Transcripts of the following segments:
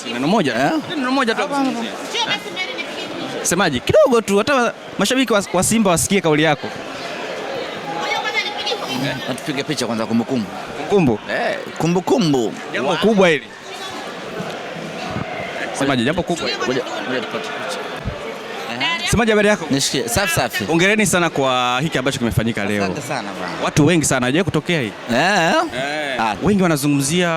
basi neno moja eh? Neno moja tu. Semaji kidogo tu hata mashabiki wa Simba wasikie kauli yako. Atupige eh, picha kwanza kumbukumbu. Kumbukumbu. Eh, kumbukumbu. Jambo kubwa hili. Semaji jambo kubwa. Ngoja tupate picha. Semaje habari yako? Nishikie. Safi safi. Hongereni sana kwa hiki ambacho kimefanyika leo. Asante sana bwana. Watu wengi sana hajawahi kutokea hii. Eh. Eh. Ah. Wengi wanazungumzia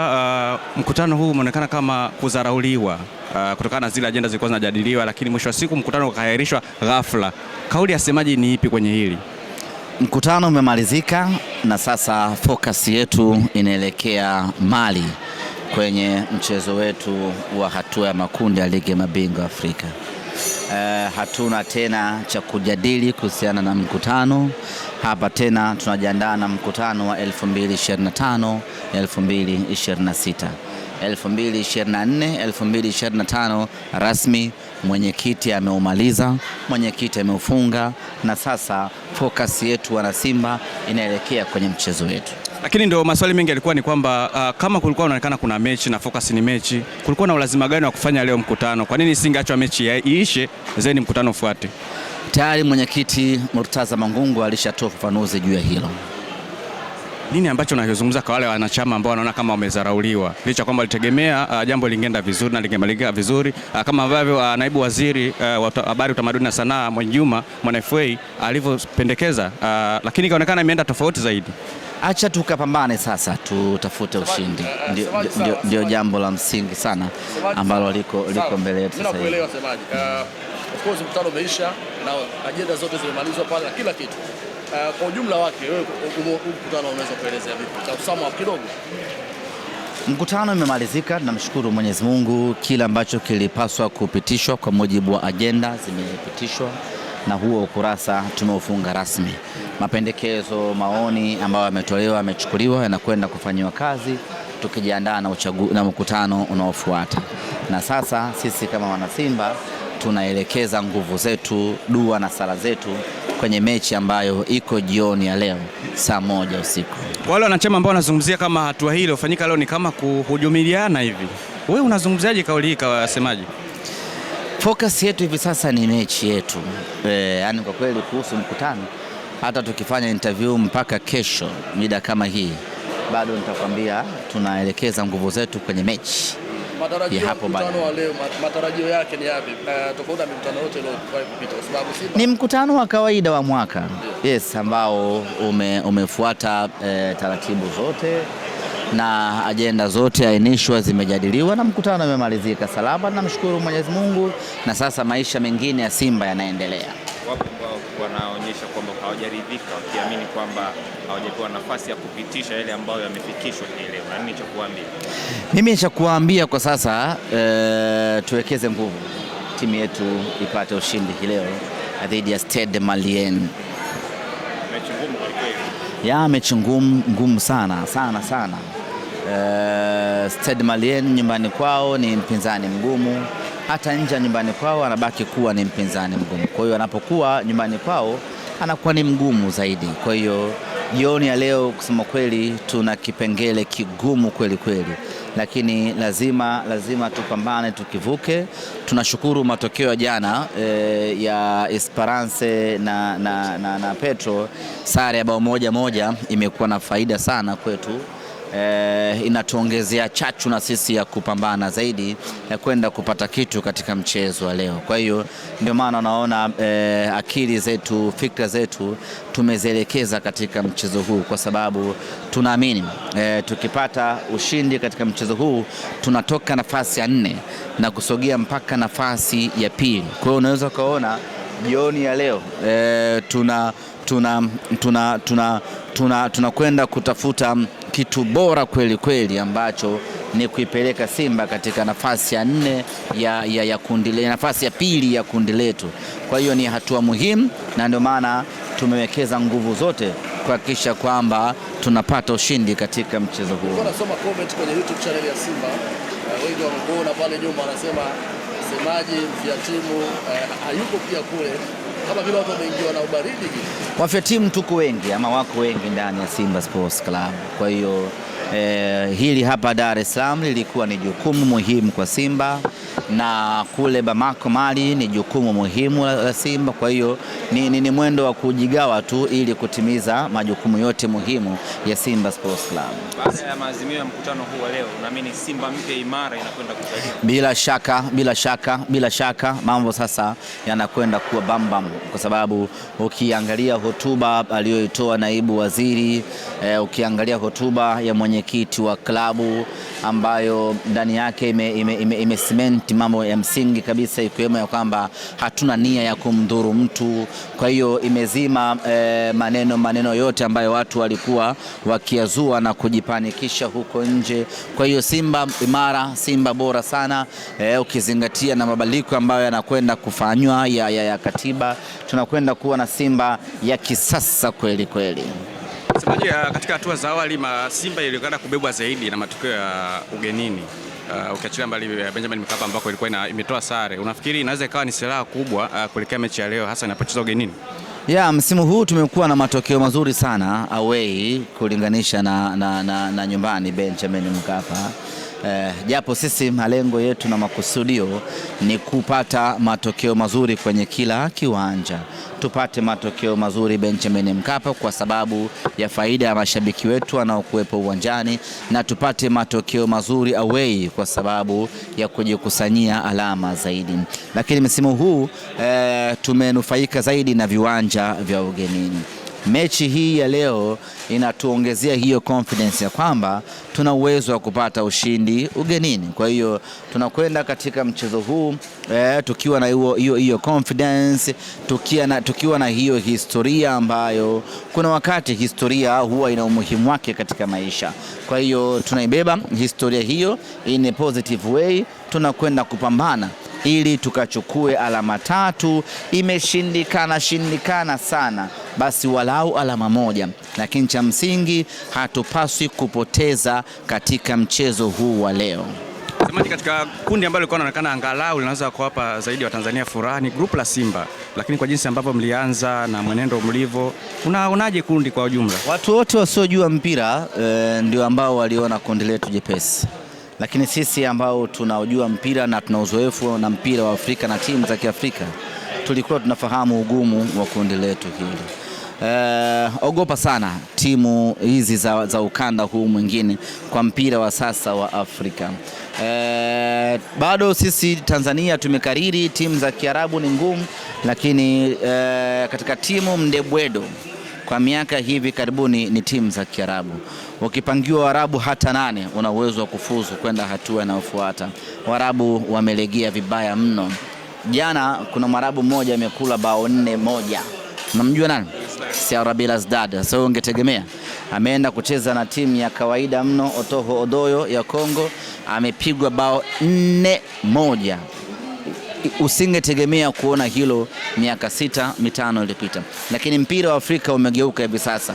uh, mkutano huu umeonekana kama kudharauliwa uh, kutokana na zile ajenda zilikuwa zinajadiliwa, lakini mwisho wa siku mkutano ukaahirishwa ghafla. Kauli ya semaji ni ipi kwenye hili? Mkutano umemalizika na sasa fokasi yetu inaelekea Mali kwenye mchezo wetu wa hatua ya makundi ya ligi ya mabingwa Afrika. Eh, hatuna tena cha kujadili kuhusiana na mkutano hapa tena, tunajiandaa na mkutano wa 2025 2026 2024 2025 rasmi. Mwenyekiti ameumaliza, mwenyekiti ameufunga, na sasa fokasi yetu wana Simba inaelekea kwenye mchezo wetu. Lakini ndio maswali mengi yalikuwa ni kwamba uh, kama kulikuwa unaonekana kuna mechi na focus ni mechi, kulikuwa na ulazima gani wa kufanya leo mkutano? Kwa nini isingeachwa mechi iishe zeni mkutano ufuate? Tayari mwenyekiti Murtaza Mangungu alishatoa ufafanuzi juu ya hilo. Nini ambacho nakizungumza kwa wale wanachama ambao wanaona kama wamezarauliwa, licha kwamba walitegemea uh, jambo lingeenda vizuri na lingemalika vizuri uh, kama ambavyo uh, naibu waziri uh, wa uh, habari, utamaduni na sanaa Mwinjuma Mwanafa alivyopendekeza uh, lakini ikaonekana imeenda tofauti zaidi acha tukapambane sasa, tutafute ushindi, eh, ndio jambo la msingi sana ambalo liko liko mbele yetu sasa hivi. Eh, of course mkutano umeisha na ajenda zote zimemalizwa pale na kila kitu. Uh, kwa ujumla wake wewe mkutano unaweza kuelezea vipi? Kwa msamo kidogo Mkutano imemalizika, namshukuru Mwenyezi Mungu. Kila ambacho kilipaswa kupitishwa kwa mujibu wa ajenda zimepitishwa na huo ukurasa tumeufunga rasmi. Mapendekezo, maoni ambayo yametolewa yamechukuliwa, yanakwenda kufanyiwa kazi tukijiandaa na, na mkutano unaofuata. Na sasa sisi kama wanasimba tunaelekeza nguvu zetu, dua na sala zetu kwenye mechi ambayo iko jioni ya leo saa moja usiku. Wale wanachama ambao wanazungumzia kama hatua hii iliyofanyika leo ni kama kuhujumiliana hivi, wewe unazungumziaje kauli hii kwa wasemaji? Focus yetu hivi sasa ni mechi yetu e, eh, yani kwa kweli kuhusu mkutano, hata tukifanya interview mpaka kesho mida kama hii, bado nitakwambia tunaelekeza nguvu zetu kwenye mechi ya hapo baadaye. Matarajio yake ni yapi, Uh, tofauti na mikutano yote iliyowahi kupita? Kwa sababu Simba ni mkutano wa kawaida wa mwaka, yes, ambao ume, umefuata uh, taratibu zote na ajenda zote ainishwa, zimejadiliwa na mkutano umemalizika salama. Namshukuru Mwenyezi Mungu, na sasa maisha mengine ya Simba yanaendelea. Wapo ambao wanaonyesha kwamba hawajaridhika, wakiamini kwamba hawajapewa nafasi ya kupitisha yale ambayo yamefikishwa hii leo. Na nini cha kuambia? Mimi cha kuambia kwa sasa e, tuwekeze nguvu timu yetu ipate ushindi hii leo eh, dhidi ya Stade Malien. Mechi ngumu kweli kweli. Ya mechi ngumu ngumu sana sana sana. Uh, eh, Stade Malien nyumbani kwao ni mpinzani mgumu, hata nje ya nyumbani kwao anabaki kuwa ni mpinzani mgumu. Kwa hiyo anapokuwa nyumbani kwao anakuwa ni mgumu zaidi. Kwa hiyo jioni ya leo, kusema kweli, tuna kipengele kigumu kweli kweli, lakini lazima lazima tupambane tukivuke. Tunashukuru matokeo ya jana e, ya Esperance na, na, na, na Petro, sare ya bao moja moja imekuwa na faida sana kwetu eh, inatuongezea chachu na sisi ya kupambana zaidi ya kwenda kupata kitu katika mchezo wa leo. Kwa hiyo ndio maana unaona eh, akili zetu, fikra zetu tumezielekeza katika mchezo huu kwa sababu tunaamini eh, tukipata ushindi katika mchezo huu tunatoka nafasi ya nne na kusogea mpaka nafasi ya pili. Kwa hiyo unaweza ukaona jioni ya leo eh, tuna tunakwenda tuna, tuna, tunakwenda tuna kutafuta kitu bora kweli kweli ambacho ni kuipeleka Simba katika nafasi ya nne ya, ya, ya kundi letu, nafasi ya pili ya kundi letu. Kwa hiyo ni hatua muhimu, na ndio maana tumewekeza nguvu zote kuhakikisha kwamba tunapata ushindi katika mchezo huu. Nasoma comment kwenye YouTube channel ya Simba, eh, wengi wamekuona pale nyuma, wanasema msemaji mfia timu eh, hayuko pia kule kama vile watu wameingiwa na ubaridi hivi. Wafya timu tuko wengi ama wako wengi ndani ya Simba Sports Club, kwa hiyo eh, hili hapa Dar es Salaam lilikuwa ni jukumu muhimu kwa Simba na kule Bamako Mali ni jukumu muhimu la Simba. Kwa hiyo ni, ni, ni mwendo wa kujigawa tu ili kutimiza majukumu yote muhimu ya Simba Sports Club. Baada ya maazimio ya mkutano huu wa leo, naamini Simba mpya imara inakwenda kuzaliwa. Bila shaka, bila shaka, bila shaka mambo sasa yanakwenda kuwa bambam, kwa sababu ukiangalia hotuba aliyoitoa naibu waziri eh, ukiangalia hotuba ya mwenyekiti wa klabu ambayo ndani yake ime, ime, ime, ime mambo ya msingi kabisa, ikiwemo ya kwamba hatuna nia ya kumdhuru mtu. Kwa hiyo imezima e, maneno maneno yote ambayo watu walikuwa wakiazua na kujipanikisha huko nje. Kwa hiyo Simba imara, Simba bora sana e, ukizingatia na mabadiliko ambayo yanakwenda kufanywa ya, ya, ya katiba, tunakwenda kuwa na Simba ya kisasa kweli kweli. Semaji, eh, katika hatua za awali Simba ilionekana kubebwa zaidi na matokeo ya ugenini uh, ukiachilia mbali uh, Benjamin Mkapa ambako ilikuwa imetoa sare, unafikiri inaweza ikawa ni silaha kubwa uh, kuelekea mechi ya leo hasa inapocheza ugenini? Ya msimu huu tumekuwa na matokeo mazuri sana away kulinganisha na, na, na, na nyumbani Benjamin Mkapa. Eh, japo sisi malengo yetu na makusudio ni kupata matokeo mazuri kwenye kila kiwanja tupate matokeo mazuri Benjamin Mkapa kwa sababu ya faida ya mashabiki wetu wanaokuwepo uwanjani, na tupate matokeo mazuri away kwa sababu ya kujikusanyia alama zaidi. Lakini msimu huu e, tumenufaika zaidi na viwanja vya ugenini mechi hii ya leo inatuongezea hiyo confidence ya kwamba tuna uwezo wa kupata ushindi ugenini. Kwa hiyo tunakwenda katika mchezo huu eh, tukiwa na hiyo hiyo hiyo confidence, tukiwa na, tukiwa na hiyo historia ambayo kuna wakati historia huwa ina umuhimu wake katika maisha. Kwa hiyo tunaibeba historia hiyo in a positive way, tunakwenda kupambana ili tukachukue alama tatu. Imeshindikana shindikana sana basi walau alama moja, lakini cha msingi hatupaswi kupoteza katika mchezo huu wa leo. Mtazamaji, katika kundi ambalo lilikuwa naonekana angalau linaweza kuwapa zaidi Watanzania furaha ni grupu la Simba, lakini kwa jinsi ambavyo mlianza na mwenendo mlivyo, unaonaje kundi kwa ujumla? Watu wote wasiojua mpira e, ndio ambao waliona kundi letu jepesi, lakini sisi ambao tunaojua mpira na tuna uzoefu na mpira wa Afrika na timu za Kiafrika tulikuwa tunafahamu ugumu wa kundi letu hili. Uh, ogopa sana timu hizi za, za ukanda huu mwingine kwa mpira wa sasa wa Afrika. Uh, bado sisi Tanzania tumekariri timu za Kiarabu ni ngumu, lakini uh, katika timu mdebwedo kwa miaka hivi karibuni ni timu za Kiarabu. Ukipangiwa Waarabu hata nane una uwezo wa kufuzu kwenda hatua inayofuata. Waarabu wamelegea vibaya mno. Jana kuna Mwarabu mmoja amekula bao nne moja. namjua nani? CR Belouizdad. Sasa ungetegemea ameenda kucheza na timu ya kawaida mno Otoho Odoyo ya Kongo, amepigwa bao nne moja. Usingetegemea kuona hilo miaka sita mitano iliyopita, lakini mpira wa Afrika umegeuka hivi sasa,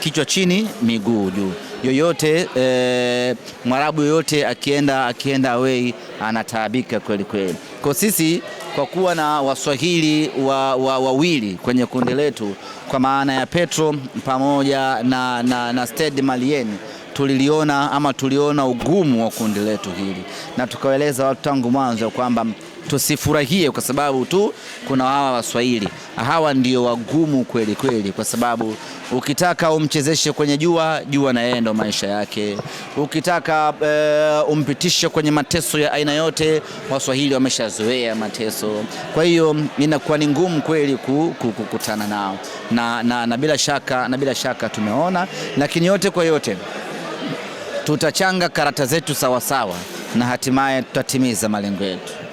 kichwa chini, miguu juu yoyote e, Mwarabu yoyote akienda akienda away anataabika kweli kweli. Kwa sisi kwa kuwa na Waswahili wawili wa, wa kwenye kundi letu kwa maana ya Petro pamoja na, na, na Stade Malieni tuliliona ama tuliona ugumu wa kundi letu hili, na tukawaeleza watu tangu mwanzo kwamba tusifurahie kwa sababu tu kuna hawa Waswahili. Hawa ndio wagumu kweli kweli, kwa sababu ukitaka umchezeshe kwenye jua, jua na yeye ndo maisha yake. Ukitaka e, umpitishe kwenye mateso ya aina yote, Waswahili wameshazoea mateso. Kwa hiyo inakuwa ni ngumu kweli kukutana nao na, na, na, bila shaka, na bila shaka tumeona, lakini yote kwa yote tutachanga karata zetu sawasawa na hatimaye tutatimiza malengo yetu.